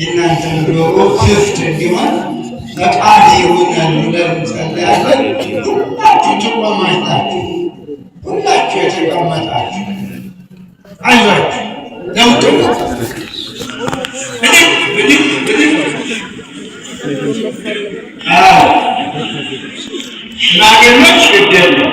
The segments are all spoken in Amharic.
የእናንተን ሎጎ ክፍት እንዲሆን ፈቃድ ይሆናል ብለን እንጸልያለን። ሁላችሁ ተቋማችሁ፣ ሁላችሁ የተቀመጣችሁ አይዟችሁ፣ ለውጥ ሽማግሌዎች ግድ የለም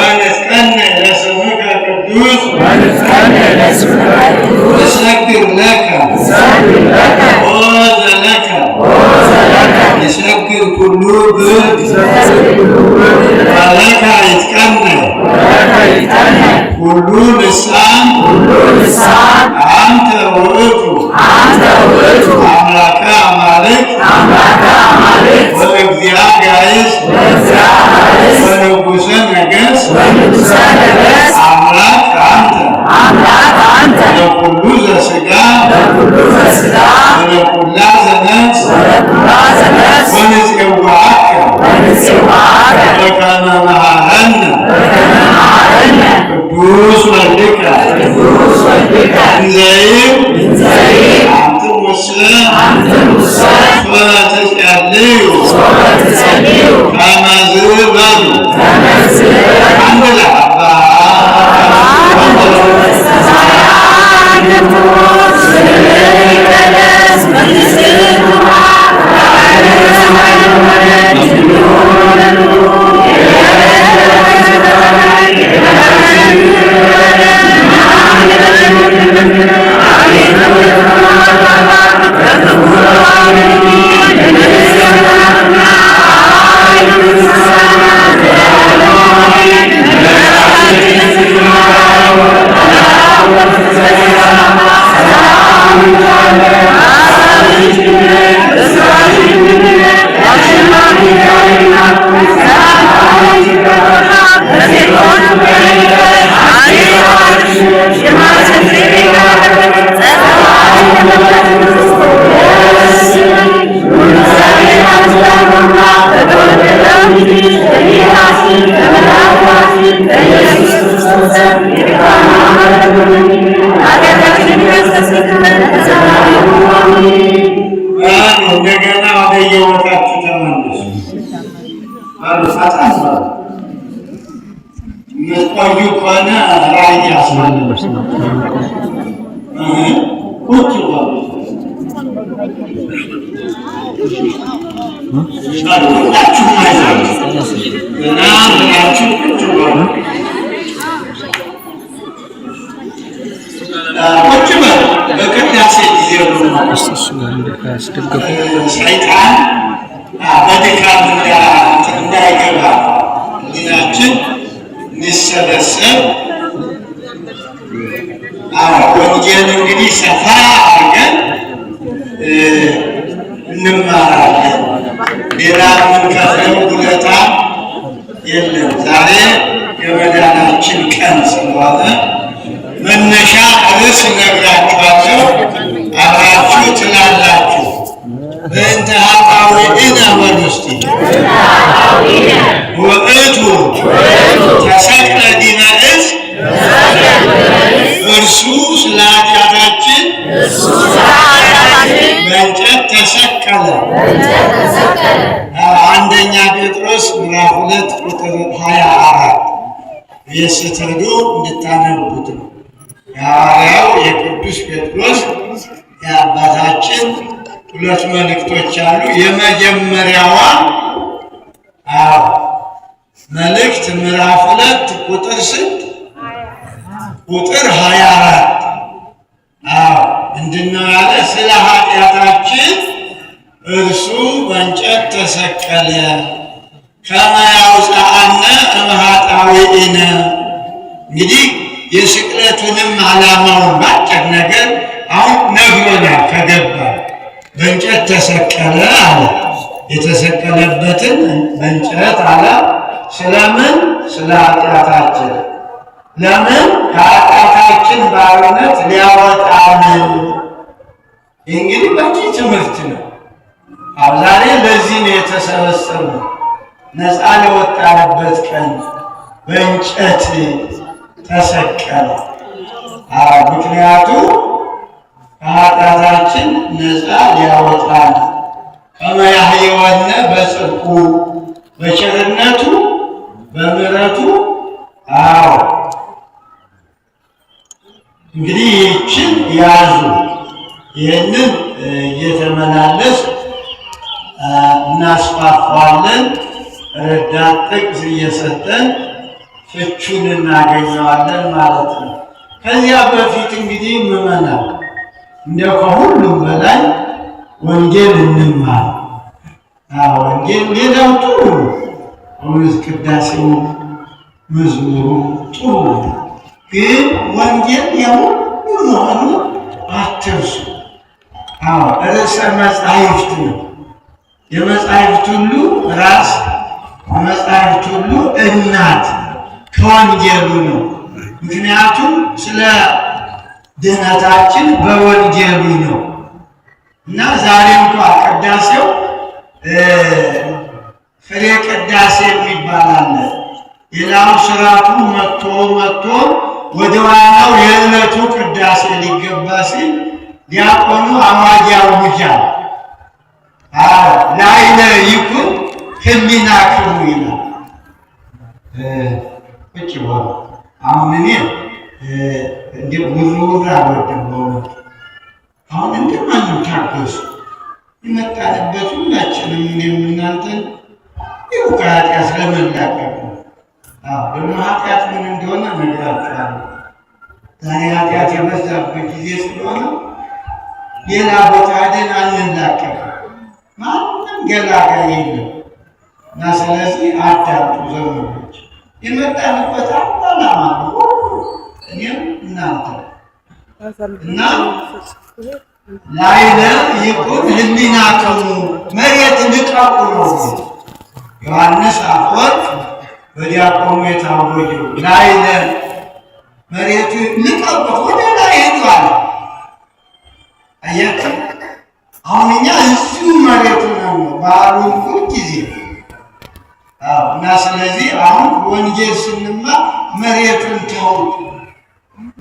Nishtaki laka. Oza laka. Nishtaki kulubu. Malaka itkana. Kulubu san. Kulubu san. Am ቆዩ ከሆነ ራእይ ያስባል እንማራለን። ሌላ የምንከፍለው ውለታ የለም። ዛሬ የመዳናችን ቀን ስለሆነ መነሻ ርዕስ እነግራችኋለሁ። አብራችሁ ትላላችሁ። በእንተ ኃጣውኢነ ወንስቲነ ውእቱ ተሰቅለ ዲበ ዕፅ እርሱ ስለ ተሰቀለ። አንደኛ ጴጥሮስ ምዕራፍ ሁለት ቁጥር ሀያ አራት የስትሄዱ እንድታነቡት ነው። የሐዋርያው የቅዱስ ጴጥሮስ የአባታችን ሁለት መልእክቶች አሉ። የመጀመሪያዋ መልእክት ምዕራፍ ሁለት ቁጥር ስንት? ቁጥር ሀያ አራት ተሰቀለ ከመ ያውፅአነ እንግዲህ የስቅለቱንም ዓላማውን ባጭር ነገር አሁን ነግሮናል። ከገባ በእንጨት ተሰቀለ አለ። የተሰቀለበትን በእንጨት አለ። ስለምን? ስለ ኃጢአታችን። ለምን? ከኃጢአታችን ባርነት ሊያወጣን። እንግዲህ በዚህ ትምህርት ነው ዛሬ ለዚህ ነው የተሰበሰበው። ነፃ የወጣበት ቀን በእንጨት ተሰቀለ። ምክንያቱ ከኃጢአታችን ነፃ ሊያወጣን ከመያህየወነ በጽድቁ በቸርነቱ በምሕረቱ። አዎ እንግዲህ ይህችን ያዙ። ይህንን እየተመላለስ እናስፋፋዋለን። ረዳት ጥቅስ እየሰጠን ፍቹን እናገኘዋለን ማለት ነው። ከዚያ በፊት እንግዲህ ምመና እንዲያው ከሁሉም በላይ ወንጌል እንማር። ወንጌል ሌላው ጥሩ እውነት ቅዳሴው፣ መዝሙሩ ጥሩ ግን ወንጌል የሁሉ መሆኑ አትርሱ። ርዕሰ መጻሕፍት ነው። የመጻሕፍት ሁሉ ራስ የመጻሕፍት ሁሉ እናት ከወንጌሉ ነው። ምክንያቱም ስለ ድህነታችን በወንጌሉ ነው እና ዛሬ እንኳ ቅዳሴው ፍሬ ቅዳሴ የሚባል አለ። ሌላው ስርዓቱ መጥቶ መጥቶ ወደ ዋናው የዕለቱ ቅዳሴ ሊገባ ሲል ዲያቆኑ አዋጅ ያውጃል። ለአይነ ይኩን ህሊናክሙ ይላል። ቁጭ በሉ አሁን እኔ እንደ ጉሩር አልወድም። በእውነት አሁን እንደማንም ታገሱ የመጣንበት ሁላችንም እኔም እናንተን ይኸው ከኃጢአት ለመላቀቅ ደግሞ ኃጢአት ምን እንደሆነ እነግራችኋለሁ። ዛሬ ኃጢአት የበዛበት ጊዜ ስለሆነ ሌላ ቦታ ደን አንላቀቅም። ማንም ገላጋይ የለም እና ስለዚህ አዳምጡ ዘመዶች፣ የመጣንበት አላማ ሁሉ እኔም እናንተ እና ላይለ ይኩን ህሊናክሙ መሬት ንቀቁ ነው ዮሐንስ አፈወርቅ በዲያቆኑ የታወጀው ላይለ መሬቱ ንቀቁት ወደ ላይ ሄዷል። አያችሁ አሁን እኛ በዓሉን ሁልጊዜ እና ስለዚህ አሁን ወንጌል ስንማር መሬቱን ተውት፣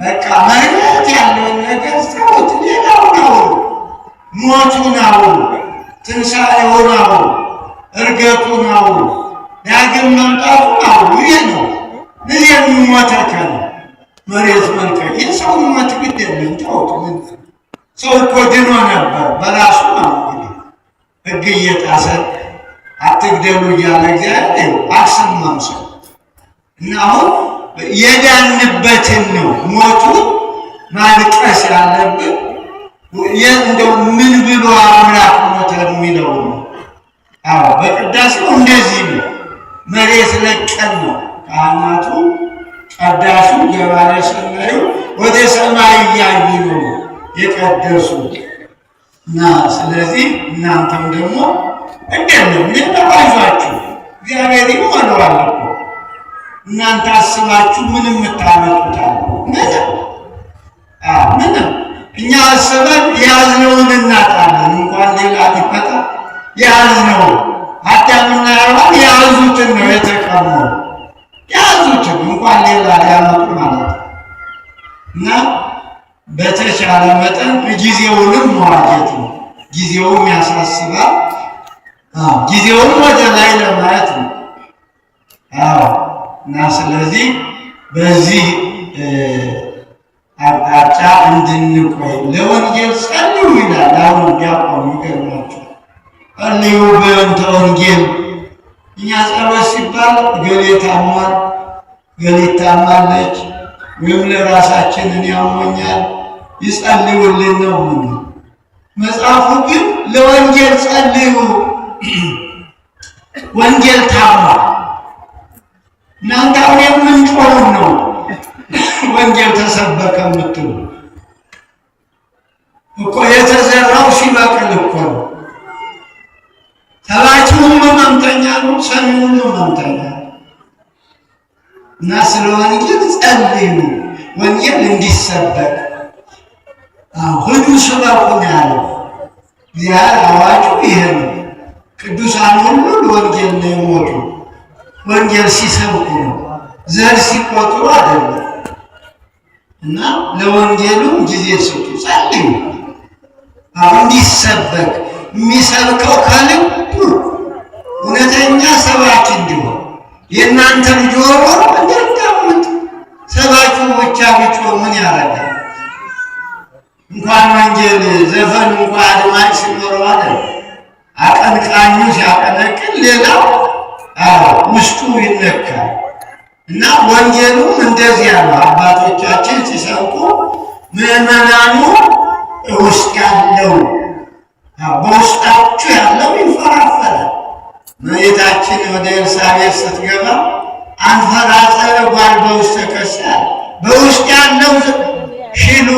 በቃ መሬት ያለውን ነገር ተውት። ሌላውን አውሩ፣ ሞቱን አውሩ፣ ትንሣኤውን አውሩ፣ እርገጡን አውሩ፣ ዳግም መምጣቱን አውሩ። ይህ ነው ምን የሚሞት አካል መሬት መልቀቅ። የሰውን ሞት ግድ የለም ተውት። ምን ሰው እኮ ድኖ ነበር በራሱ ነው ህግ እየጣሰ አትግደሉ እያለ እግዚአብሔር አልሰማም ሰው እና አሁን የዳንበትን ነው ሞቱ ማልቀስ ያለብን። እንደው ምን ብሎ አምላክ ሞተ የሚለው ነው። በቅዳሴው እንደዚህ ነው። መሬት ለቀን ነው ካህናቱ ቀዳሹ ገባረ ሰማዩ ወደ ሰማይ እያዩ ነው የቀደሱ እና ስለዚህ እናንተም ደግሞ እንዴት ነው ምን ተባይዟችሁ እግዚአብሔር ይሆነው አለ እኮ እናንተ አስባችሁ ምን የምታመጡት ምንም ምንም እኛ አስበን የያዝነውን እናጣለን። እንኳን ሌላ ሊፈታ የያዝነውን አዳምና ሔዋን የያዙትን ነው የተቀመው የያዙትን እንኳን ሌላ ሊያመጡ ማለት እና በተቻለ መጠን ጊዜውንም መዋጀት ነው። ጊዜውም ያሳስባል። ጊዜውም ወደ ላይ ለማለት ነው እና ስለዚህ በዚህ አቅጣጫ እንድንቆይ ለወንጌል ጸልዩ ይላል። አሁን እንዲያቆሙ ይገርማቸው ጸልዩ በእንተ ወንጌል። እኛ ጸሎት ሲባል ገሌ ታሟል፣ ገሌ ታማለች፣ ወይም ለራሳችን እኔ ያሞኛል ይጸልዩልን ነው። መጽሐፉ ግን ለወንጌል ጸልዩ፣ ወንጌል ታሟል። እናንተ አሁን የምንጮሩ ነው ወንጌል ተሰበከ የምትሉ እኮ የተዘራው ሲበቅል እኮ ነው። ተባችሁም መምተኛ ነው፣ ሰሚውም መምተኛ እና ስለ ወንጌል ጸልዩ፣ ወንጌል እንዲሰበክ ሁሉ ስበው ነው አዋጁ ይሄ ነው። ቅዱሳን ሁሉ ለወንጌል ነው የሞቱ። ወንጌል ሲሰብኩ ነው፣ ዘር ሲቆጥሩ አይደለም። እና ለወንጌሉ ጊዜ ስጡ፣ ጸልዩ። እንዲሰበክ የሚሰብከው ከልቡ እውነተኛ ሰባኪ እንዲሆን የእናንተ ልጆሮ እንደዳምጥ ሰባኪው ብቻ ምን ያደርጋል? እንኳን ወንጌል ዘፈን እንኳ አድማጭ ሲኖረው አለ አቀንቃኙ ሲያቀነቅን ሌላው ውስጡ ይነካል። እና ወንጌሉም እንደዚያ ነው። አባቶቻችን ሲሰብኩ ምዕመናኑ ውስጥ ያለው በውስጣችሁ ያለው ይንፈራፈራል። መሬታችን ወደ ኤልሳቤጥ ስትገባ አንፈራጸረ ጓል በውስጥ ተከሳል በውስጥ ያለው ሽሉ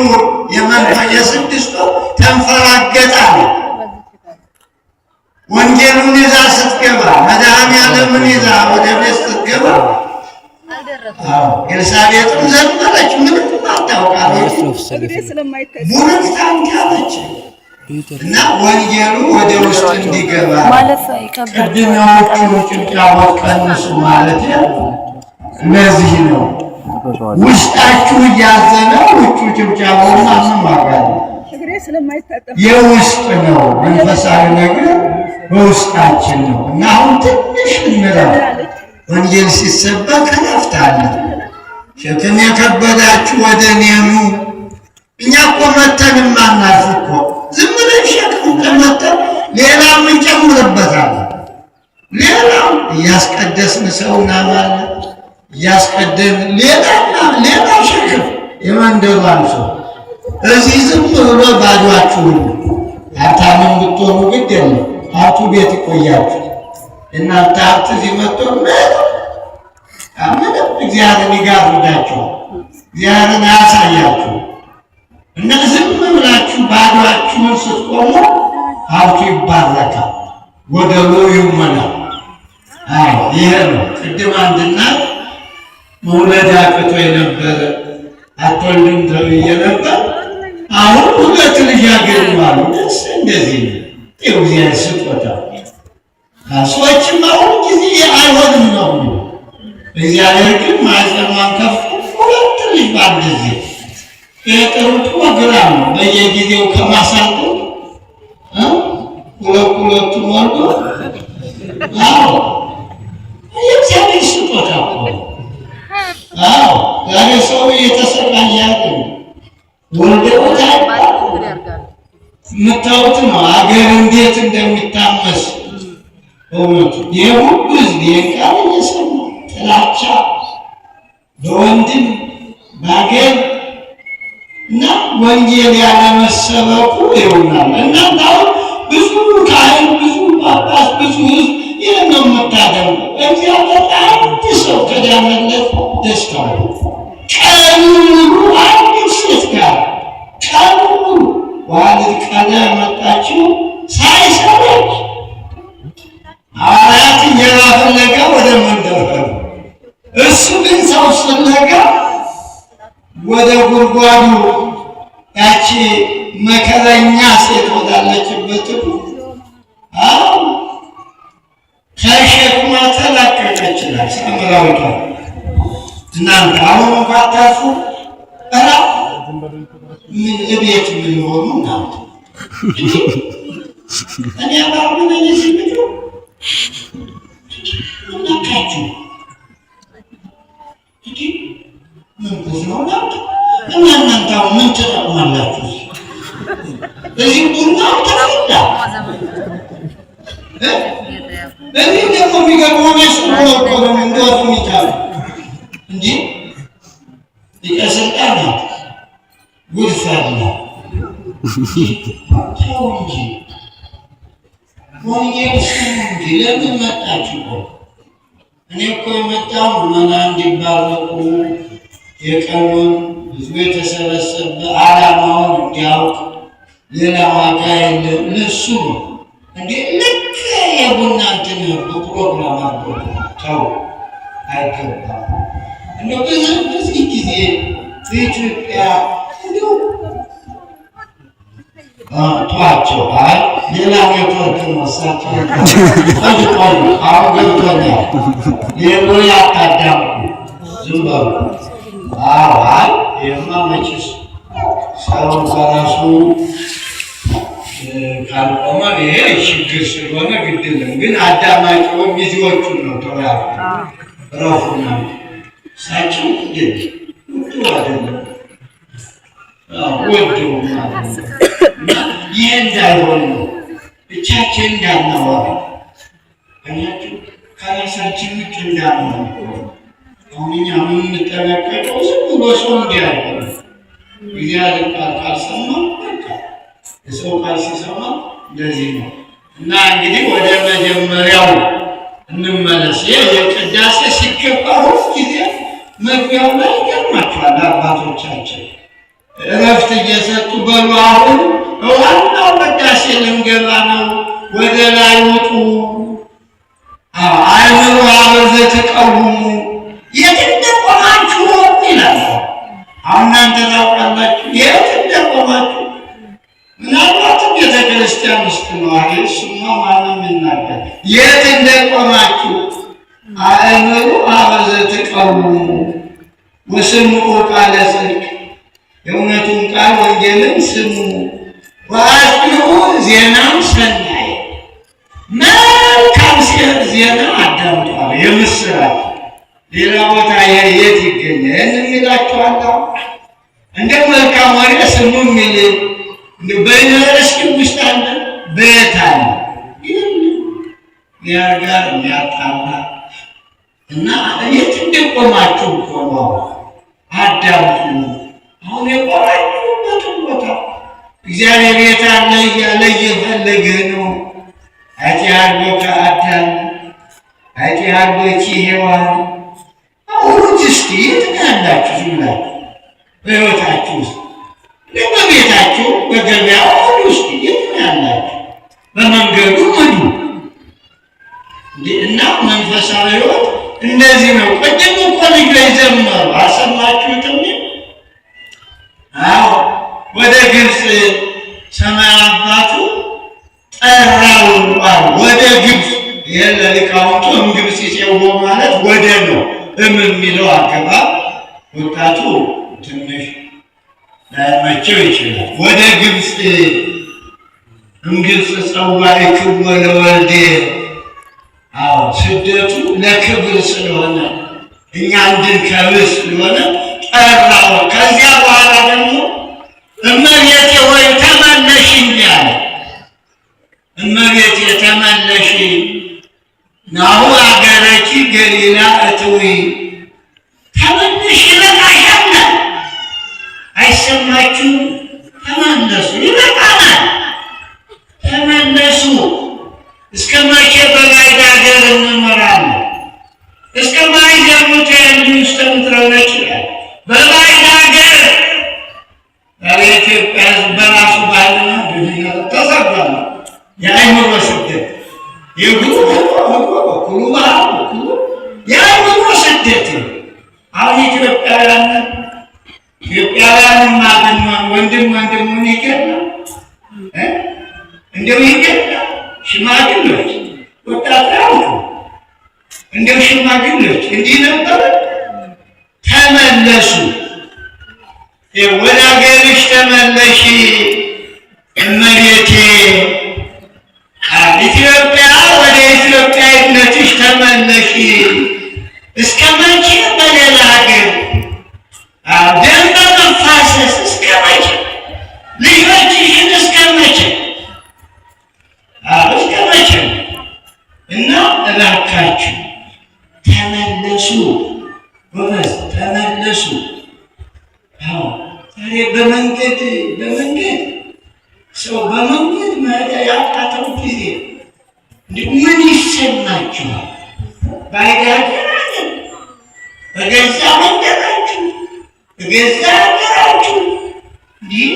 የመንፈ የስድስቱ ተንፈራገጣ ወንጌሉን ይዛ ስትገባ መድኃኒዓለምን ይዛ ወደ ቤት ስትገባ ኤልሳቤጥም ዘመረች። ምንም አታውቃለች፣ ሙሉን ታንካለች። እና ወንጌሉ ወደ ውስጥ እንዲገባ ቅድሚያዎቹ ጭንጫዎች ቀንሱ ማለት እነዚህ ነው። ውስጣችሁ እያዘነ ውጩ ጭብጨባውና አስማራል። የውስጥ ነው መንፈሳዊ ነገር በውስጣችን ነው እና አሁን ትንሽ እንለው። ወንጌል ሲሰበክ እረፍት አለ። ሸክም የከበዳችሁ ወደ እኔ ኑ። እኛ እኮ መተን ማናርፍ እኮ ዝም ብለን ሸክም ከመተን ሌላ እንጨምርበታለን። ሌላው እያስቀደስን ሰውን አማለ እያስቀደም ሌላና ሌላ ሸክፍ የመንደሯን ሰው እዚህ ዝም ብሎ ባዷችሁን ሀብታምን ብትሆኑ ግድ የለ ሀብቱ ቤት ይቆያችሁ። እናንተ ሀብት እዚህ መጥቶ ምንም እግዚአብሔርን ይጋርዳቸው እግዚአብሔርን አያሳያችሁ። እና ዝም ብላችሁ ባዷችሁን ስትቆሙ ሀብቱ ይባረካል፣ ጎደሎ ይሞላል። ይሄ ነው ቅድም አንድ እናት መውለድ አቅቶ የነበረ አትወልድም ተብዬ ነበር። አሁን ሁለት ልጅ ያገኛሉ። ደስ እንደዚህ ነው። እግዚአብሔር ስጦታ ሰዎችም አሁን ጊዜ አይሆንም ነው። እግዚአብሔር ግን ማኅፀኗን ከፍቶ ሁለት ልጅ በአንድ ጊዜ የጥሩ ፕሮግራም ነው። በየጊዜው ከማሳቁ ሁለት ሁለቱም ወልዶ አዎ የምታዩት ነው አገር እንዴት እንደሚታመስ በእውነቱ የሁሉ ህዝብ የቃል እየሰማ ጥላቻ በወንድም በአገር እና ወንጌል ያለመሰበኩ ይሆናል። እናንተ አሁን ብዙ ካህን፣ ብዙ ጳጳስ፣ ብዙ ህዝብ ይህ ነው የምታደርጉ። እግዚአብሔር አንድ ሰው ከዳመለት ደስታው ቀኑ ሙሉ አንድ ሴት ጋር በኋሊት ቀን መጣችሁ ሳይሰሩት ሐዋርያት እንጀራ ፍለጋ ወደ መንደር እሱ ግን ሰው ፍለጋ ወደ ጉድጓዱ ያቺ መከረኛ ሴት ወዳለችበት ከሸክማ ተላቀቀችላል። ሳምራዊቷ እናንተ አሁን እንኳ ታፉ ራ እቤት የሚሆኑ ናት። እኔ አባሁን እኔ ምን ትጠቅማላችሁ? እዚህ ቡና ተረዳ እዚህ እንዲህ ሊቀስልጣ ናት gösterme. Tavuğun Bunu yapıştırmam diye bir metta çıkıyor. እኔ እኮ የመጣው ምዕመናን እንዲባረቁ የቀሩን ህዝቡ የተሰበሰበ ዓላማውን እንዲያውቅ ሌላ ዋጋ የለም። እነሱ ነው እንዴ ልክ የቡና እንትን በፕሮግራም አድርጎ ተው፣ አይገባም። እንደው ብዙ ጊዜ በኢትዮጵያ ቷቸዋል። ሌላ ኔትወርክ ወሳቸው አሁን ገብቶኛል። የሙያ አታዳምቁ ዝም በሉ። አዋል የማ መችስ ሰው ከራሱ ካልቆመ ይሄ ችግር ስለሆነ ግድልም ግን አዳማጭውን ጊዜዎቹን ነው ተወያ ረፉና ሳቸው ግድል ውድ አይደለም ውድ ማለት ነው እና ይህ እንዳይሆን ነው ብቻችን እንዳናወራ አያችሁ፣ ከራሳችን ውጭ እንዳንሆን። አሁን እኛ የምንጠነቀቀው ዝም ብሎ ሰው እንዲያደርግ እግዚአብሔር ቃል ካልሰማ በቃ የሰው ቃል ሲሰማ እንደዚህ ነው። እና እንግዲህ ወደ መጀመሪያው እንመለስ። ይህ የቅዳሴ ሲገባ ሁልጊዜ መግቢያው ላይ ይገርማቸዋል አባቶቻችን እረፍት እየሰጡ በሉ አሁን ዋናው መዳሴ ልንገባ ነው። ወደ ላይ ውጡ፣ አይምሮ አበዘ ተቃውሙ የት እንደቆማችሁ ይላል። አሁን እናንተ ታውቃላችሁ የት እንደቆማችሁ። ምናልባትም ቤተ ክርስቲያን ውስጥ ነዋሪ ስማ ማንም ይናገር የት እንደቆማችሁ አእምሩ አበዘ ተቃውሙ ወስምዑ ቃለ ጽድቅ የእውነቱን ቃል ወንጌልን ስሙ ወአድኅቡ ዜናው ሰናየ መልካም ሲሆን ዜና አዳምጧል። የምስራች ሌላ ቦታ የት ይገኛል የሚላችኋል። እንደ መልካም ወሬ ስሙ የሚል በዩኒቨርስቲ ውስጥ አለ፣ በየት አለ ያ ጋር የሚያጣላ እና የት እንደቆማችሁ ቆመው አዳምጡ። አሁን የቆማችሁበትን ቦታ እግዚአብሔር የት አለ እያለ እየፈለገ ነው። ኃጢአት ከአዳም ኃጢአት ከሔዋን አውሩት እስኪ የት ያላችሁ ዝምላችሁ በሕይወታችሁ ውስጥ በቤታችሁ በገበያ ሁሉ ውስጥ የት ያላችሁ በመንገዱ ሁሉ እና መንፈሳዊ ሕይወት እንደዚህ ነው። ቅድም እኮ ልጆች ዘመሩ አሰማችሁትም? አዎ ወደ ግብፅ ሰማይ አባቱ ጠራው ወደ ግብፅ። ይህን ለሊቃውንቱ እምግብፅ ሲሴሆ ማለት ወደ ነው። እም የሚለው አገባብ ወጣቱ ትንሽ ላይመቸው ይችላል። ወደ ግብፅ እምግብፅ ጸዋዕክዎ ለወልዴ። አዎ ስደቱ ለክብር ስለሆነ እኛ እንድንከብር ስለሆነ ጠራው። ከዚያ በኋላ ደግሞ እመቤቴ شيء يتملشي نهو أقرأتي قليلا أتوين እናትና ወንድም ወንድሙን ይገድላል። እንደው ይገድላል። ሽማግሌዎች ወጣት እንደው ሽማግሌዎች እንዲህ ነበረ። ተመለሱ፣ ወደ ሀገርሽ ተመለሽ እመቤቴ ምን ይሰማችኋል? በአይዳገራችን በገዛ መንደራችሁ በገዛ ሀገራችሁ እንዲህ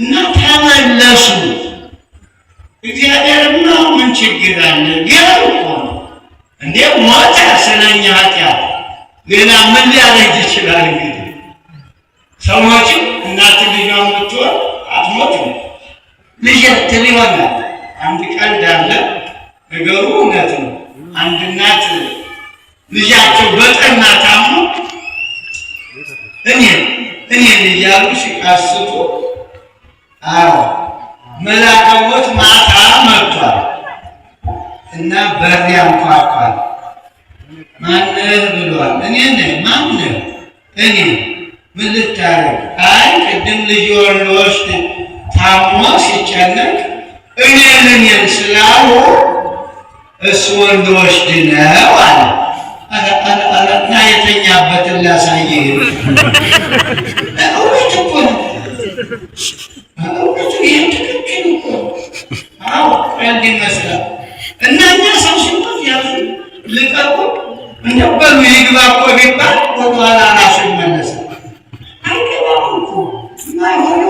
እና ተመለሱ። እግዚአብሔር ነው ምን ችግር አለ? ገር እኮ እንዴ ሞተ ስለኛ ኃጢአት ሌላ ምን ሊያደርግ ይችላል? እንግዲህ ሰዎችም እናት ልጇን ብትሆን አትሞትም ልጅ ትል ይሆናል አንድ ቀልድ አለ። ነገሩ እውነት ነው። አንድ እናት ልጃቸው በጠና ታሞ እኔ እኔ እያሉ ሲቃስጡ፣ አዎ መልአከ ሞት ማታ መጥቷል እና በሬ አንኳኳል። ማነህ ብሏል። እኔ ነ ማነህ? እኔ ምን ልታረግ? አይ ቅድም ልጅ ወሎች ታሞ ሲጨነቅ እኔ ነኝ ስላሉ እሱ ወንድ ወሽድ ነው አለ። እና የተኛበትን ላሳየህ እውነት እኮ እውነቱ ይህ ትክክል እኮ አዎ እንዲህ ይመስላል። እና እኛ ሰው ሲሞት ያ ልቀቁ እንደበሉ ይግባ እኮ ቢባል ወደኋላ ራሱ ይመለሳል። አይገባም እኮ ማይሆነ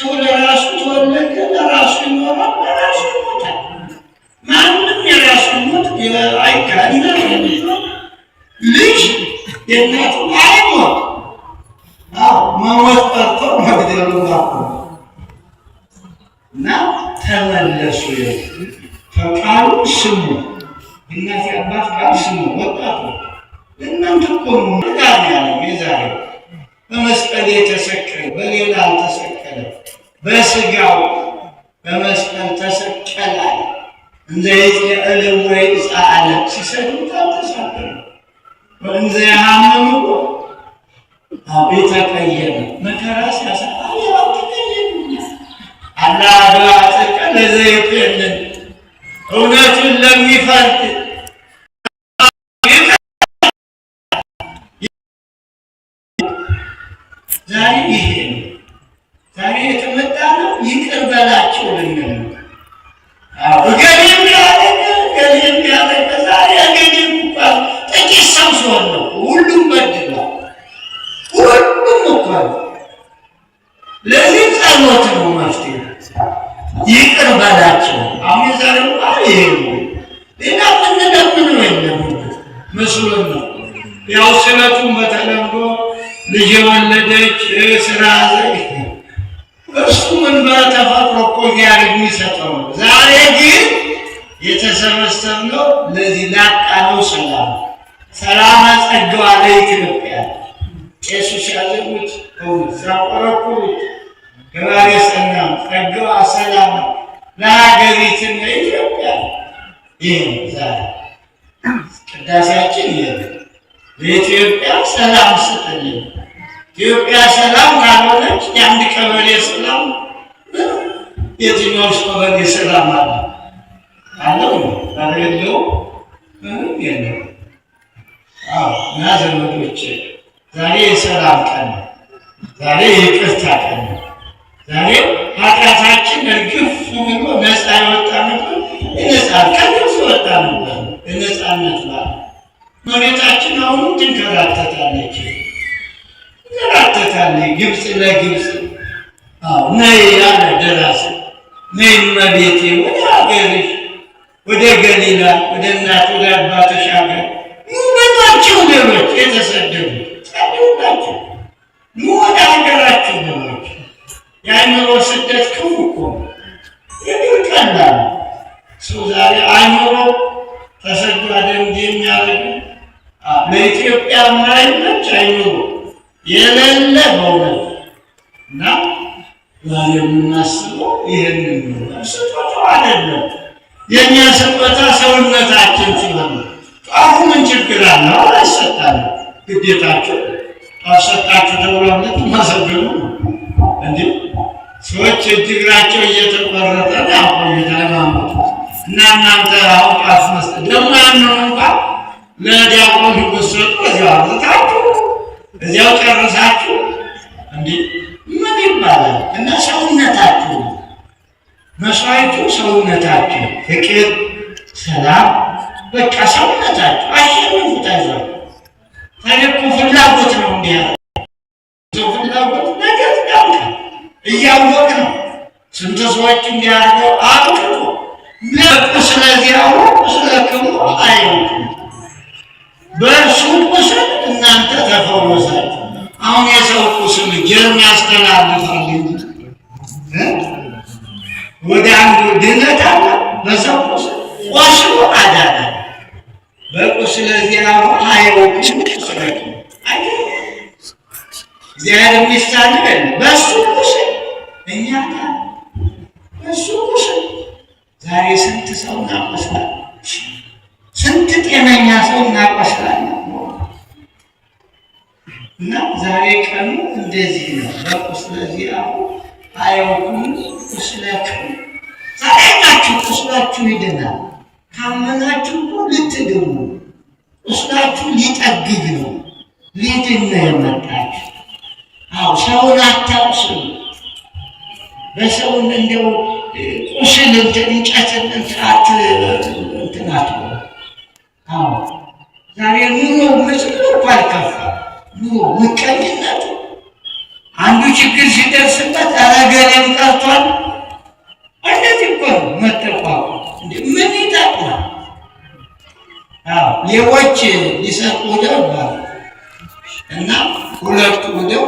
ሰው ለራሱ ተወለደ፣ ለራሱ ይኖራል፣ ለራሱ ይሞታል። ማንም የራሱ ሞት አይጋዳ ልጅ የእናቱ አይሞት መሞት ጠርቶ መግደሉ እና ተመለሱ ከቃሉ ስሙ እናት አባት ቃል ስሙ ወጣቱ እናንተ ቆሙ ጋር ያለ ዛሬ በመስቀል የተሰቀለ በሌላ አልተሰቀለ በስጋው በመስቀል ተሰቀለ። እንዘ ይትከእልዎ ይጻአለ ሲሰግዱታል ተሳደሩ። እንዘ ያሃምምዎ አቤተ ቀየመ መከራ ሲያሰጣ አላ በአጸቀ ለዘይትልን እውነቱን ለሚፈልግ ስራ እሱ መንበር ተፈጥሮ እኮ ሊያደርግ የሚሰጠው ነው። ዛሬ ግን የተሰበሰብነው ለዚህ ላጣነው ሰላም ሰላም ጸጋዋ ለኢትዮጵያ ቄሱ ሲያዘጉት ሲያቆረቁሩት ገባሬ ሰላም ጸጋዋ ሰላም ለሀገሪትን ለኢትዮጵያ ይህ ዛሬ ቅዳሴያችን ይሄ ለኢትዮጵያ ሰላም ስጥልን። ኢትዮጵያ ሰላም ካልሆነች የአንድ ቀበሌ ሰላም የትኛው ቀበሌ ሰላም አለ አለው አለው የለው። እና ዘመዶች ዛሬ የሰላም ቀን ዛሬ የይቅርታ ቀን ዛሬ ኃጢአታችን እርግፍ ብሎ ነፃ የወጣንበት የነፃ ቀን የወጣንበት የነፃነት በዓል መሬታችን አሁንም ትንከራተታለች። ገራተታለ ግብፅ ለግብፅ ነይ ያለ ደራሲ ነይ እመቤቴ ወደ ሀገርሽ ወደ ገሊላ ወደ እናት ወደ አባቶች ሀገር ኑበሏቸው ደኖች የተሰደዱ ጸልዩላቸው ኑ ወደ ሀገራችሁ ደኖች የአእምሮ ስደት ክፉ እኮ የግር ሰው ዛሬ አእምሮ ተሰዷ ደንድ የሚያደርግ ለኢትዮጵያ ማይመች አይኑሩ የሌለ በእውነት እና ዛሬ የምናስበው ይህንን ነው። አይደለም የእኛ ስጦታ ሰውነታችን ሲሆን ጧፉ ምን ችግር አለ? አይሰጣል። ግዴታቸው ጧፍ ሰጣችሁ ተብሎ እምነት ማሰገኑ እንዲ ሰዎች እጅ እግራቸው እየተቆረጠ ቆይታ ሃይማኖት እና እናንተ አሁን ጧፍ መስጠት ለማን ነው ለዲያቆን ብትሰጡ እዚያ አርታችሁ እዚያው ጨርሳችሁ እንዲ ምን ይባላል? እና ሰውነታችሁ መስዋዕቱ ሰውነታችሁ፣ ፍቅር፣ ሰላም በቃ ሰውነታችሁ አሸንፉት። ታዛ ታሪኩ ፍላጎት ነው እንዲያ ፍላጎት ነገር ያውቃ እያወቅ ነው ስንት ሰዎች እንዲያርገው አቅቶ ለቁ ስለዚያው ስለ ክሙ አይወቅም በእርሱ ቁስል እናንተ ተፈወሳችሁ። አሁን የሰው ቁስል ጀርም ያስተላልፋል እንጂ ወደ አንዱ ድነት አለ። በሰው ቁስል ቆስሎ አዳነ። ዜና እግዚአብሔር በሱ ቁስል እኛ በሱ ቁስል ዛሬ ስንት ሰው ስንት ጤነኛ ሰው እናቆስላለን። እና ዛሬ ቀኑ እንደዚህ ነው። በቁስለዚህ አሁን አያውቁም ቁስላችሁ ዛሬናችሁ ቁስላችሁ ይድናል። ካመናችሁ ልትድኑ ቁስላችሁ ሊጠግግ ነው። ሊድን ነው የመጣችሁ። አዎ ሰውን አታቁስሉ። በሰውን እንደው ቁስል እንጨትን እንትናት እንትናት አዎ ዛሬ ኑሮ ምጽ እኮ አልከፋ ምቀኝነት አንዱ ችግር ሲደርስበት አረገሌም ቀርቷል። እንደዚህ እኮ ነው መተቋቋም። ምን ይጠቅማል? ሌቦች ሊሰጥ ውደው እና ሁለቱ ውደው